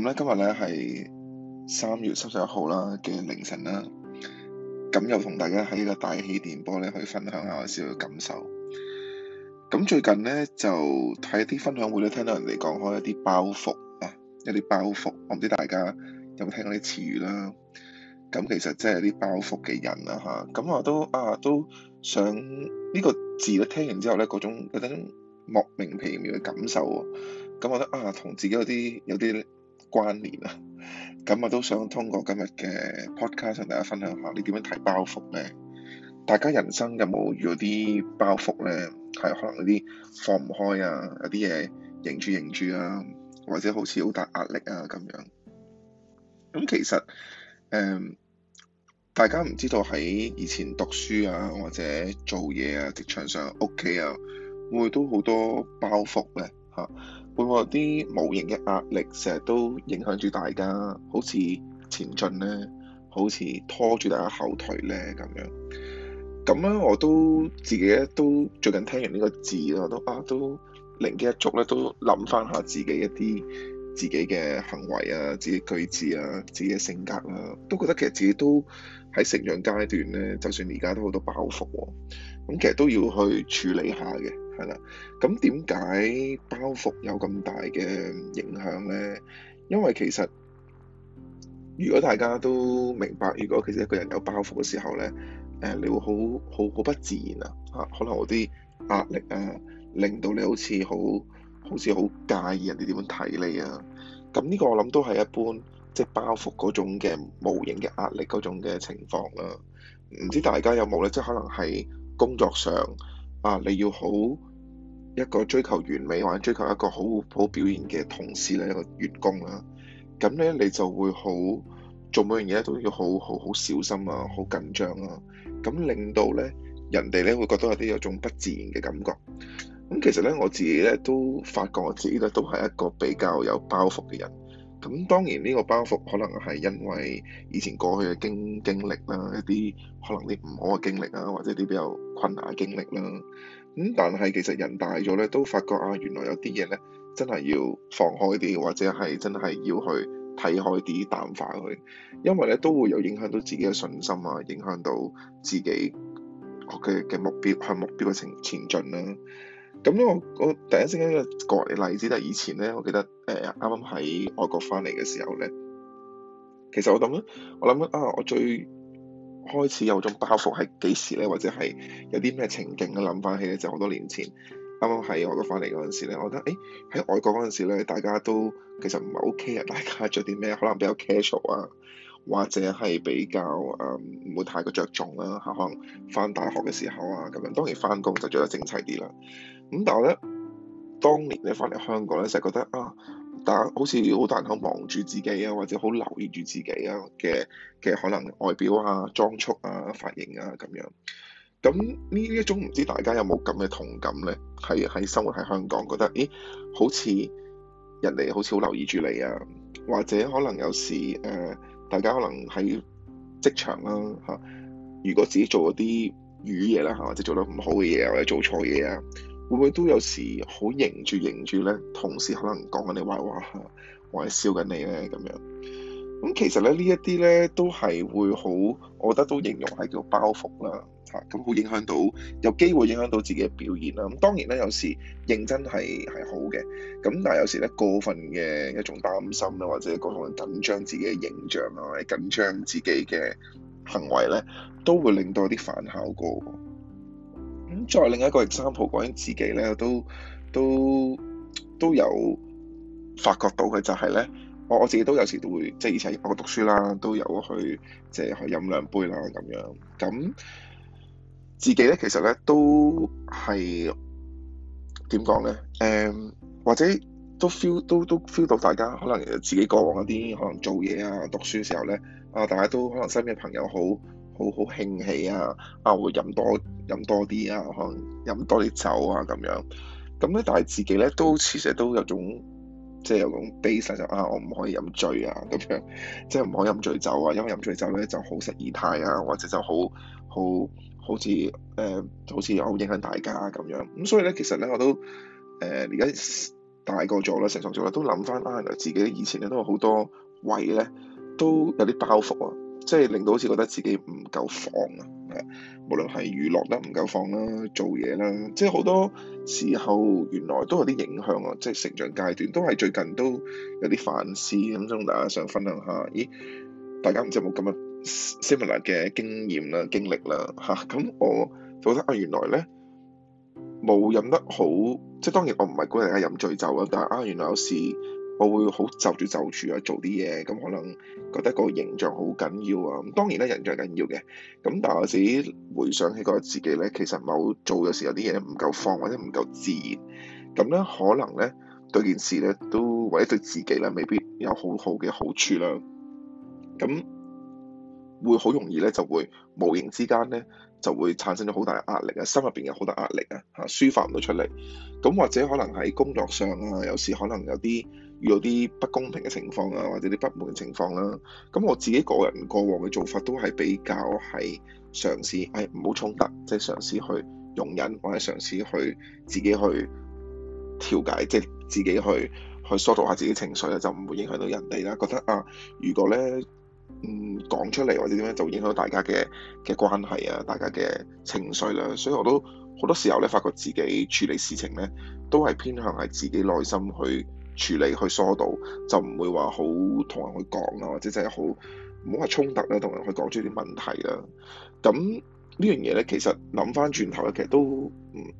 咁咧，今日咧係三月三十一號啦嘅凌晨啦。咁又同大家喺個大氣電波咧，去分享一下我少少感受。咁最近咧就睇一啲分享會咧，聽到人哋講開一啲包袱啊，一啲包袱。我唔知大家有冇聽過啲詞語啦。咁其實即係啲包袱嘅人啦，嚇、啊、咁我都啊都想呢、呢個字咧，聽完之後咧，嗰種，種莫名其妙嘅感受。咁我覺得啊，同自己有啲有啲。關聯啊！咁我都想通過今日嘅 podcast 同大家分享下，你點樣睇包袱咧？大家人生有冇遇到啲包袱咧？係可能有啲放唔開啊，有啲嘢迎住迎住啊，或者好似好大壓力啊咁樣。咁、嗯、其實誒、嗯，大家唔知道喺以前讀書啊，或者做嘢啊，職場上、屋企啊，會、會都好多包袱咧嚇。啊。每個啲無形嘅壓力，成日都影響住大家，好似前進咧，好似拖住大家後腿咧咁樣。咁樣我都自己都最近聽完呢個字咧，我都啊都靈機一觸咧，都諗翻下自己一啲自己嘅行為啊、自己句子啊、自己嘅性格啊，都覺得其實自己都喺成長階段咧，就算而家都好多包袱喎、哦。咁、嗯、其實都要去處理下嘅。係啦，咁點解包袱有咁大嘅影響咧？因為其實，如果大家都明白，如果其實一個人有包袱嘅時候咧，誒，你會好好好不自然啊！啊，可能我啲壓力啊，令到你好似好，好似好介意人哋點樣睇你啊！咁呢個我諗都係一般，即係包袱嗰種嘅無形嘅壓力嗰種嘅情況啦。唔知大家有冇咧？即係可能喺工作上啊，你要好。一個追求完美或者追求一個好好表現嘅同事咧，一個員工啦，咁咧你就會好做每樣嘢都要好好好小心啊，好緊張啊，咁令到咧人哋咧會覺得有啲有種不自然嘅感覺。咁其實咧我自己咧都發覺我自己咧都係一個比較有包袱嘅人。咁當然呢個包袱可能係因為以前過去嘅經經歷啦，一啲可能啲唔好嘅經歷啊，或者啲比較困難嘅經歷啦。咁但係其實人大咗咧，都發覺啊，原來有啲嘢咧，真係要放開啲，或者係真係要去睇開啲、淡化佢，因為咧都會有影響到自己嘅信心啊，影響到自己嘅嘅目標向目標嘅前前進啦、啊。咁咧，我我第一先講個例子，就係以前咧，我記得誒啱啱喺外國翻嚟嘅時候咧，其實我諗咧，我諗啊，我最開始有種包袱係幾時咧，或者係有啲咩情景嘅諗翻起咧，就好、是、多年前。啱啱喺外國翻嚟嗰陣時咧，我覺得誒喺、欸、外國嗰陣時咧，大家都其實唔係 OK 啊，大家着啲咩可能比較 casual 啊，或者係比較誒唔、嗯、會太過着重啦嚇，可能翻大學嘅時候啊咁樣，當然翻工就着得整齊啲啦。咁但係咧。當年咧翻嚟香港咧，成日覺得啊，大家好似好大口望住自己啊，或者好留意住自己啊嘅嘅可能外表啊、裝束啊、髮型啊咁樣。咁呢一種唔知大家有冇咁嘅同感咧？係喺生活喺香港覺得，咦，好似人哋好似好留意住你啊，或者可能有時誒、呃，大家可能喺職場啦、啊、嚇、啊，如果自己做嗰啲魚嘢啦嚇，或者做得唔好嘅嘢，或者做錯嘢啊。會唔會都有時好營住營住咧？同事可能講緊你壞話，我係笑緊你咧咁樣。咁其實咧呢一啲咧都係會好，我覺得都形容係叫包袱啦嚇。咁、啊、好影響到有機會影響到自己嘅表現啦。咁當然咧有時認真係係好嘅。咁但係有時咧過分嘅一種擔心咧，或者過分緊張自己嘅形象啊，或者緊張自己嘅行為咧，都會令到有啲反效果。咁再另一個 example 講緊自己咧，都都都有發覺到嘅就係、是、咧，我我自己都有時都會即係，以前我讀書啦，都有去即係、就是、去飲兩杯啦咁樣。咁自己咧，其實咧都係點講咧？誒，um, 或者都 feel 都都 feel 到大家可能自己過往一啲可能做嘢啊、讀書嘅時候咧啊，大家都可能身邊嘅朋友好。好好興起啊！啊，我會飲多飲多啲啊，可能飲多啲酒啊咁樣。咁咧，但係自己咧都始終都有種，即係有種 basic 就是、啊，我唔可以飲醉啊咁樣，即係唔可以飲醉酒啊，因為飲醉酒咧就好失儀態啊，或者就好好好似誒，好似好、呃、好影響大家咁、啊、樣。咁所以咧，其實咧我都誒而家大個咗啦，成熟咗啦，都諗翻啊，原來自己以前咧都有好多胃咧都有啲包袱啊。即係令到好似覺得自己唔夠放啊，無論係娛樂得唔夠放啦、做嘢啦，即係好多時候原來都有啲影響啊！即係成長階段都係最近都有啲反思，咁想大家想分享下，咦，大家唔知有冇咁嘅 similar 嘅經驗啦、經歷啦嚇？咁、啊、我就覺得啊，原來咧冇飲得好，即係當然我唔係鼓勵大家飲醉酒啊，但係啊，原來有時。我會好就住就住啊，做啲嘢咁，可能覺得個形象好緊要啊。咁當然咧，形象緊要嘅。咁但係我自己回想起我自己咧，其實某做嘅時候啲嘢唔夠放或者唔夠自然，咁咧可能咧對件事咧都或者對自己咧未必有好好嘅好處啦。咁會好容易咧就會無形之間咧就會產生咗好大壓力啊，心入邊有好多壓力啊，嚇抒發唔到出嚟。咁或者可能喺工作上啊，有時可能有啲。遇到啲不公平嘅情況啊，或者啲不滿嘅情況啦，咁我自己個人過往嘅做法都係比較係嘗試哎唔好衝突，即係嘗試去容忍，或者嘗試去自己去調解，即係自己去去疏導下自己情緒啦，就唔會影響到人哋啦。覺得啊，如果呢嗯講出嚟或者點樣，就會影響到大家嘅嘅關係啊，大家嘅情緒啦。所以我都好多時候呢，發覺自己處理事情呢，都係偏向係自己內心去。處理去疏導，就唔會話好同人去講啊，或者真係好唔好話衝突啦，同人去講出啲問題啦。咁呢樣嘢咧，其實諗翻轉頭咧，其實都唔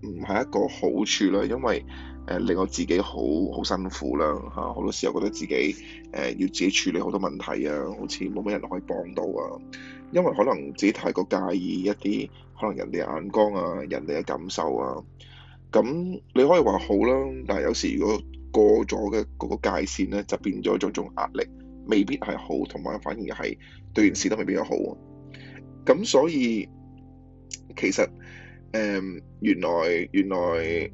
唔係一個好處啦，因為誒、呃、令我自己好好辛苦啦吓。好、啊、多時我覺得自己誒、呃、要自己處理好多問題啊，好似冇乜人可以幫到啊。因為可能自己太過介意一啲可能人哋眼光啊、人哋嘅感受啊。咁你可以話好啦，但係有時如果，過咗嘅嗰個界線咧，就變咗做種種壓力，未必係好，同埋反而係對件事都未必有好。咁所以其實誒、嗯，原來原來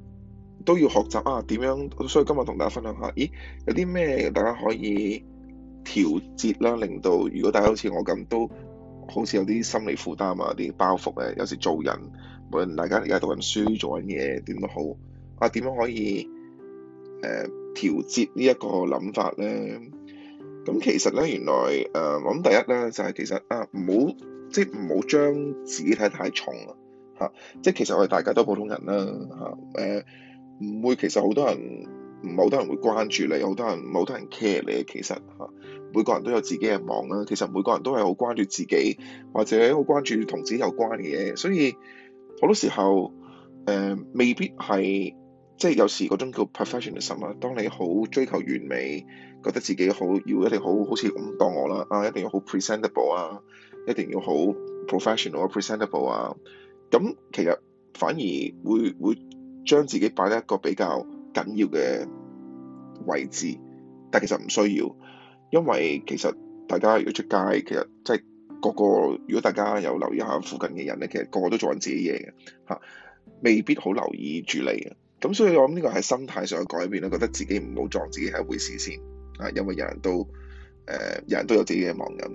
都要學習啊，點樣？所以今日同大家分享下，咦，有啲咩大家可以調節啦，令到如果大家好似我咁，都好似有啲心理負擔啊，啲包袱咧，有時做人，無論大家而家讀緊書、做緊嘢，點都好啊，點樣可以？誒、呃、調節呢一個諗法咧，咁其實咧原來誒、呃，我諗第一咧就係、是、其實啊，唔好即係唔好將自己睇太重啊，嚇、啊！即係其實我哋大家都普通人啦，嚇、啊、誒，唔、啊、會、啊、其實好多人唔好、啊、多人會關注你，好多人唔好、啊、多人 care 你，其實嚇、啊啊，每個人都有自己嘅忙啦、啊，其實每個人都係好關注自己或者好關注同自己有關嘅嘢，所以好多時候誒、啊、未必係。即係有時嗰種叫 professionalism 啊，當你好追求完美，覺得自己好要一定要好好似咁當我啦啊，一定要好 presentable 啊，一定要好 professional、presentable 啊，咁、啊、其實反而會會將自己擺喺一個比較緊要嘅位置，但其實唔需要，因為其實大家如果出街，其實即係個個如果大家有留意下附近嘅人咧，其實個個都做緊自己嘢嘅嚇，未必好留意住你嘅。咁所以我諗呢個係心態上嘅改變啦，覺得自己唔好撞自己係一回事先，啊，因為人都，誒、呃，人都有自己嘅盲點。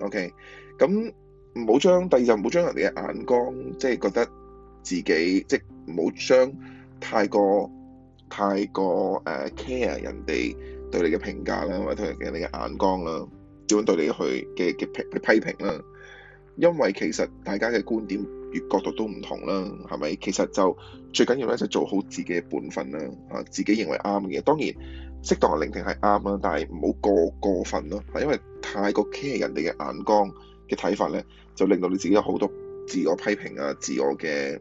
OK 咁唔好將第二就唔好將人哋嘅眼光，即係覺得自己，即係唔好將太過太過誒 care 人哋對你嘅評價啦，或者對人哋嘅你嘅眼光啦，點樣對你去嘅嘅批批評啦，因為其實大家嘅觀點。角度都唔同啦，係咪？其實就最緊要咧，就做好自己嘅本分啦。嚇，自己認為啱嘅嘢，當然適當聆聽係啱啦，但係唔好過過分咯。因為太過 care 人哋嘅眼光嘅睇法咧，就令到你自己有好多自我批評啊、自我嘅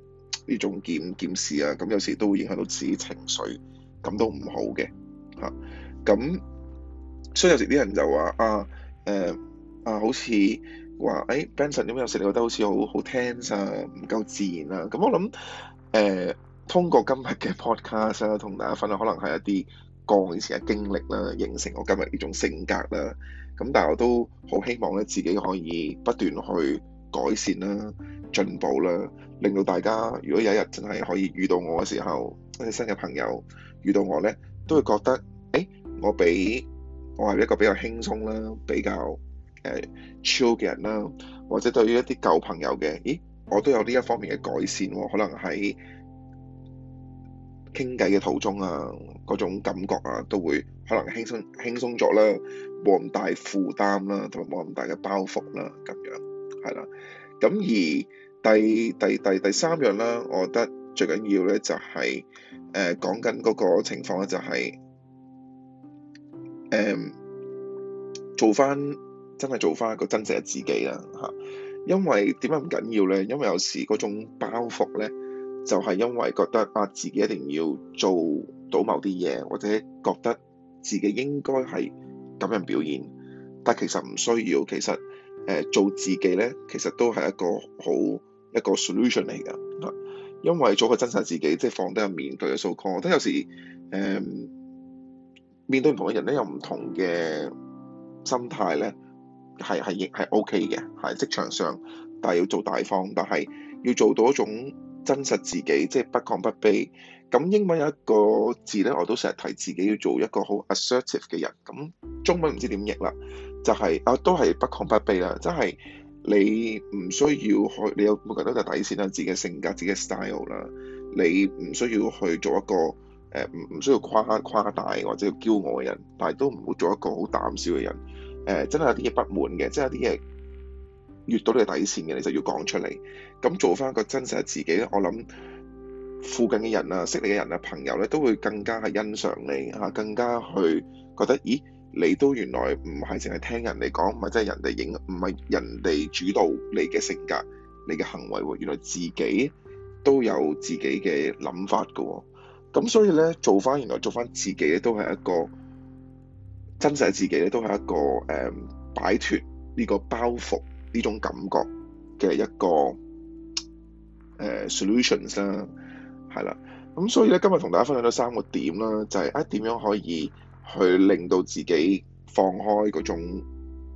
呢種檢檢視啊，咁有時都會影響到自己情緒，咁都唔好嘅。嚇，咁所以有時啲人就話啊，誒、呃、啊，好似～話誒、哎、Benson 點，有時你覺得好似好好 tense，唔、啊、夠自然啊？咁我諗誒、呃，通過今日嘅 podcast 啊，同大家分享可能係一啲過年以前嘅經歷啦，形成我今日呢種性格啦。咁但係我都好希望咧，自己可以不斷去改善啦、進步啦，令到大家如果有一日真係可以遇到我嘅時候，一啲新嘅朋友遇到我咧，都會覺得誒、哎，我比我係一個比較輕鬆啦，比較，誒 chill 嘅人啦，或者對於一啲舊朋友嘅，咦，我都有呢一方面嘅改善喎，可能喺傾偈嘅途中啊，嗰種感覺啊，都會可能輕鬆輕鬆咗啦，冇咁大負擔啦，同埋冇咁大嘅包袱啦，咁樣係啦。咁而第第第第三樣啦，我覺得最緊要咧就係誒講緊嗰個情況咧、就係，就係誒做翻。真係做翻一個真實嘅自己啦嚇，因為點解唔緊要呢？因為有時嗰種包袱呢，就係、是、因為覺得啊，自己一定要做到某啲嘢，或者覺得自己應該係咁樣表現，但其實唔需要。其實誒、呃、做自己呢，其實都係一個好一個 solution 嚟㗎。因為做個真實自己，即係放低下面，面對嘅數控，我覺得有時誒、呃、面對唔同嘅人呢，有唔同嘅心態呢。係係亦係 O.K. 嘅，喺職場上，但係要做大方，但係要做到一種真實自己，即係不亢不卑。咁英文有一個字咧，我都成日提自己要做一個好 assertive 嘅人。咁中文唔知點譯啦，就係啊都係不亢不卑啦，即係你唔需要去，你有冇個得都有底線啦，自己嘅性格、自己嘅 style 啦，你唔需要去做一個誒唔唔需要誇誇大或者要驕傲嘅人，但係都唔會做一個好膽小嘅人。誒、呃、真係有啲嘢不滿嘅，即係有啲嘢越到你底線嘅，你就要講出嚟。咁做翻個真實嘅自己咧，我諗附近嘅人啊、識你嘅人啊、朋友咧、啊，都會更加係欣賞你嚇、啊，更加去覺得咦，你都原來唔係淨係聽人哋講，唔係真係人哋影，唔係人哋主導你嘅性格、你嘅行為喎、啊。原來自己都有自己嘅諗法噶喎、啊。咁所以咧，做翻原來做翻自己咧，都係一個。真實自己咧，都係一個誒、嗯、擺脫呢個包袱呢種感覺嘅一個誒 solutions 啦，係、呃、啦。咁、啊嗯、所以咧，今日同大家分享咗三個點啦，就係、是、啊點樣可以去令到自己放開嗰種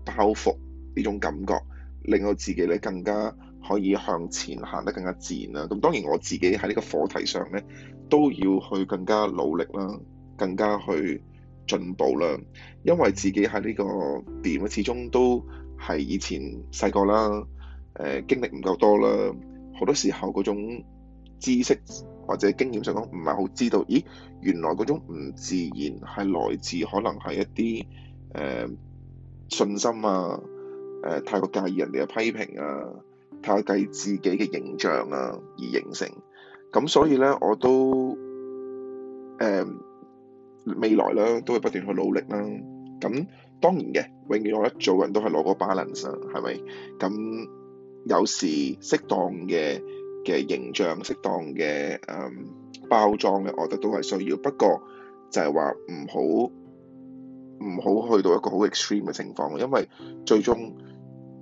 包袱呢種感覺，令到自己咧更加可以向前行得更加自然啦。咁、啊、當然我自己喺呢個課題上咧，都要去更加努力啦，更加去。進步啦，因為自己喺呢個點啊，始終都係以前細個啦，誒、呃、經歷唔夠多啦，好多時候嗰種知識或者經驗上講，唔係好知道，咦，原來嗰種唔自然係來自可能係一啲誒、呃、信心啊，誒、呃、太過介意人哋嘅批評啊，太介意自己嘅形象啊而形成，咁所以咧我都誒。呃未來啦，都會不斷去努力啦。咁當然嘅，永遠我覺得做人都係攞個 balance，係咪？咁有時適當嘅嘅形象、適當嘅誒、嗯、包裝嘅，我覺得都係需要。不過就係話唔好唔好去到一個好 extreme 嘅情況，因為最終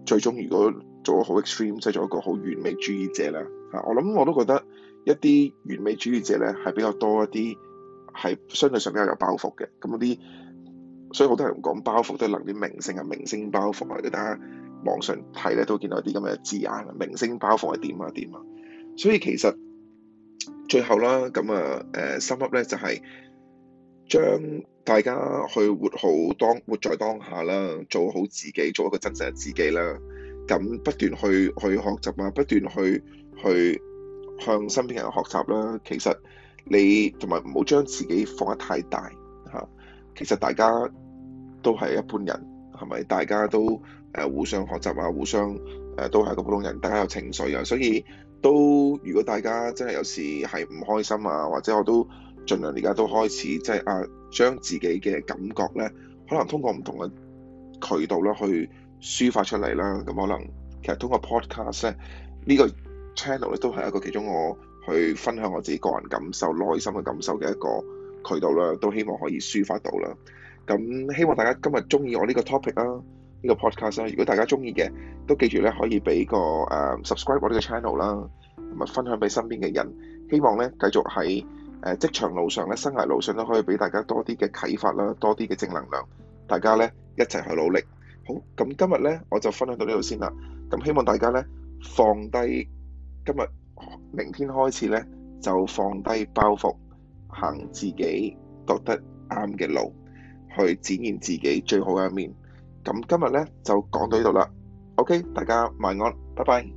最終如果做得好 extreme，即係做一個好完，完美主義者啦。嚇！我諗我都覺得一啲完美主義者咧，係比較多一啲。係相對上比較有包袱嘅，咁啲所以好多人講包袱都係能啲明星啊，明星包袱啊，大家網上睇咧都見到啲咁嘅字眼，明星包袱係點啊點啊，所以其實最後啦，咁啊誒 sum up 咧就係、是、將大家去活好當活在當下啦，做好自己，做一個真實嘅自己啦，咁不斷去去學習啊，不斷去去向身邊人學習啦，其實。你同埋唔好將自己放得太大嚇，其實大家都係一般人，係咪？大家都誒互相學習啊，互相誒都係個普通人，大家有情緒啊，所以都如果大家真係有時係唔開心啊，或者我都盡量而家都開始即係、就是、啊，將自己嘅感覺呢，可能通過唔同嘅渠道啦，去抒發出嚟啦。咁可能其實通過 podcast 咧，呢、這個 channel 咧都係一個其中我。去分享我自己個人感受、內心嘅感受嘅一個渠道啦，都希望可以抒發到啦。咁希望大家今日中意我呢個 topic 啦，呢個 podcast 啦。如果大家中意嘅，都記住咧可以俾個誒 subscribe 我呢個 channel 啦，同埋分享俾身邊嘅人。希望咧繼續喺誒職場路上咧、生涯路上都可以俾大家多啲嘅啟發啦、多啲嘅正能量。大家咧一齊去努力。好，咁今日咧我就分享到呢度先啦。咁希望大家咧放低今日。明天開始咧，就放低包袱，行自己覺得啱嘅路，去展現自己最好嘅一面。咁今日咧，就講到呢度啦。OK，大家晚安，拜拜。